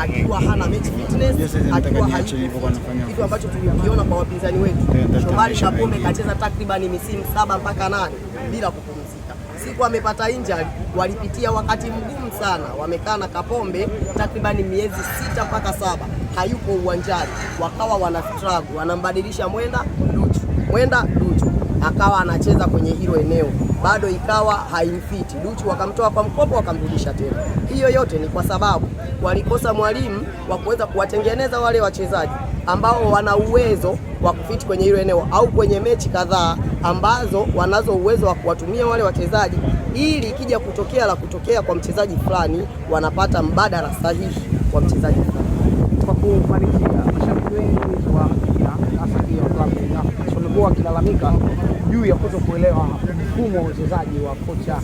akiwa hana kitu ambacho tulikiona kwa wapinzani wetu. Eh, Shomari Kapombe kacheza takriban misimu saba mpaka nane bila kupumzika. Siku amepata injury, walipitia wakati mgumu sana, wamekaa na Kapombe takriban miezi sita mpaka saba hayupo uwanjani, wakawa wana struggle, wanambadilisha mwenda Duchu, mwenda Duchu akawa anacheza kwenye hilo eneo, bado ikawa haimfiti. Duchu wakamtoa kwa mkopo, wakamrudisha tena. Hiyo yote ni kwa sababu walikosa mwalimu wa kuweza kuwatengeneza wale wachezaji ambao wana uwezo wa kufiti kwenye hilo eneo, au kwenye mechi kadhaa ambazo wanazo uwezo wa kuwatumia wale wachezaji, ili ikija kutokea la kutokea kwa mchezaji fulani, wanapata mbadala sahihi wa mchezaji fulani. Kwa kufanikia, mashabiki wengi wa mpira hasa klabu ya wakilalamika juu ya kuto kuelewa mfumo wa uchezaji wa kocha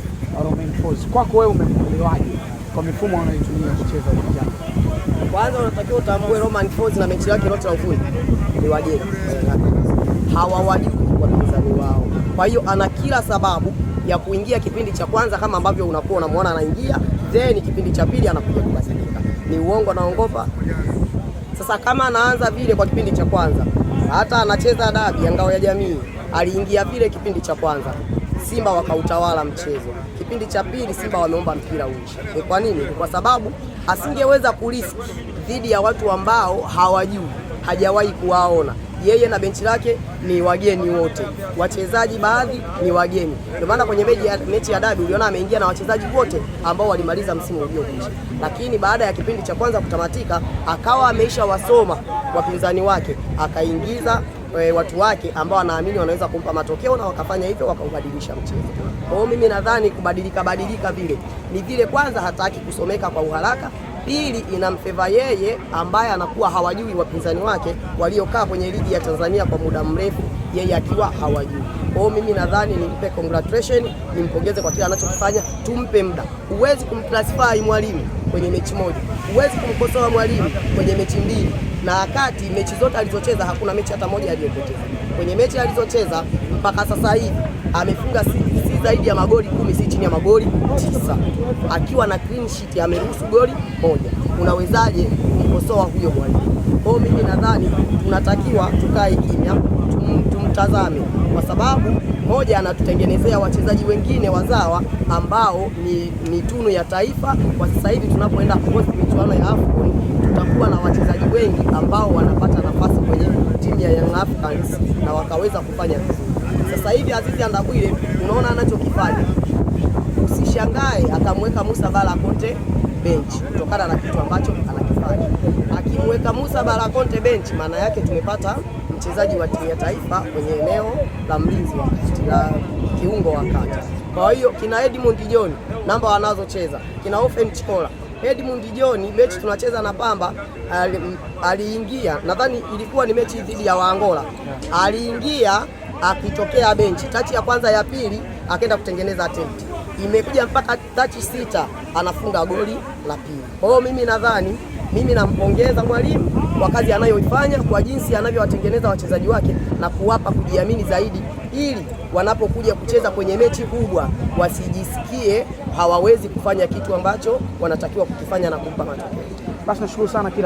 Romain Folz. Kwako wewe umemwelewaje kwa mifumo anayotumia kucheza uwanjani? Kwanza unatakiwa utambue Romain Folz na mechi yake yote ya ufundi ni wageni, hawawajui wapinzani wao, kwa hiyo ana kila sababu ya kuingia kipindi cha kwanza kama ambavyo unakuwa unamwona anaingia, then kipindi cha pili anakuja kubadilika. Ni uongo anaongopa. Sasa kama anaanza vile kwa kipindi cha kwanza, hata anacheza dabi ya ngao ya jamii aliingia vile kipindi cha kwanza Simba wakautawala mchezo. Kipindi cha pili Simba wameomba mpira uchi. E, kwa nini? Kwa sababu asingeweza kuriski dhidi ya watu ambao hawajui, hajawahi kuwaona. Yeye na benchi lake ni wageni wote, wachezaji baadhi ni wageni. Ndio maana kwenye mechi ya, mechi ya dabi uliona ameingia na wachezaji wote ambao walimaliza msimu ulioisha, lakini baada ya kipindi cha kwanza kutamatika, akawa ameisha wasoma wapinzani wake, akaingiza e, watu wake ambao anaamini wanaweza kumpa matokeo na wakafanya hivyo wakaubadilisha mchezo. Kwa hiyo mimi nadhani kubadilika badilika vile ni vile, kwanza hataki kusomeka kwa uharaka Pili, inamfeva yeye ambaye anakuwa hawajui wapinzani wake waliokaa kwenye ligi ya Tanzania kwa muda mrefu, yeye akiwa hawajui. Kwa hiyo mimi nadhani nimpe congratulation, nimpongeze kwa kile anachokifanya, tumpe muda. Huwezi kumclassify mwalimu kwenye mechi moja, huwezi kumkosoa mwalimu kwenye mechi mbili, na kati mechi zote alizocheza hakuna mechi hata moja aliyopoteza. Kwenye mechi alizocheza mpaka sasa hivi amefunga zaidi ya magoli kumi, si chini ya magoli tisa, akiwa na clean sheet ameruhusu goli moja. Unawezaje kumkosoa huyo mwalimu? Kwa hiyo mimi nadhani tunatakiwa tukae kimya, tumtazame kwa sababu moja, anatutengenezea wachezaji wengine wazawa ambao ni, ni tunu ya taifa. Kwa sasa hivi tunapoenda kuhosi michuano ya AFCON tutakuwa na wachezaji wengi ambao wanapata nafasi kwenye timu ya Young Africans na wakaweza kufanya vizuri. Sasa hivi Azizi Andabwile unaona anachokifanya, usishangae akamweka Musa Bala Konte benchi kutokana na kitu ambacho anakifanya. Akimweka Musa Bala Konte benchi, maana yake tumepata wachezaji wa timu ya taifa kwenye eneo la mlinzi wa kati la kiungo wa kati. Kwa hiyo kina Edmund John namba wanazocheza kina Ofen Chikola Edmund John mechi tunacheza na Pamba aliingia, nadhani ilikuwa ni mechi dhidi ya Waangola, aliingia akitokea benchi, tachi ya kwanza ya pili akaenda kutengeneza attempt, imekuja mpaka tachi sita, anafunga goli la pili. Kwa hiyo mimi nadhani mimi nampongeza mwalimu kwa kazi anayoifanya, kwa jinsi anavyowatengeneza wachezaji wake na kuwapa kujiamini zaidi, ili wanapokuja kucheza kwenye mechi kubwa wasijisikie hawawezi kufanya kitu ambacho wanatakiwa kukifanya na kumpa matokeo. Basi nashukuru sana kila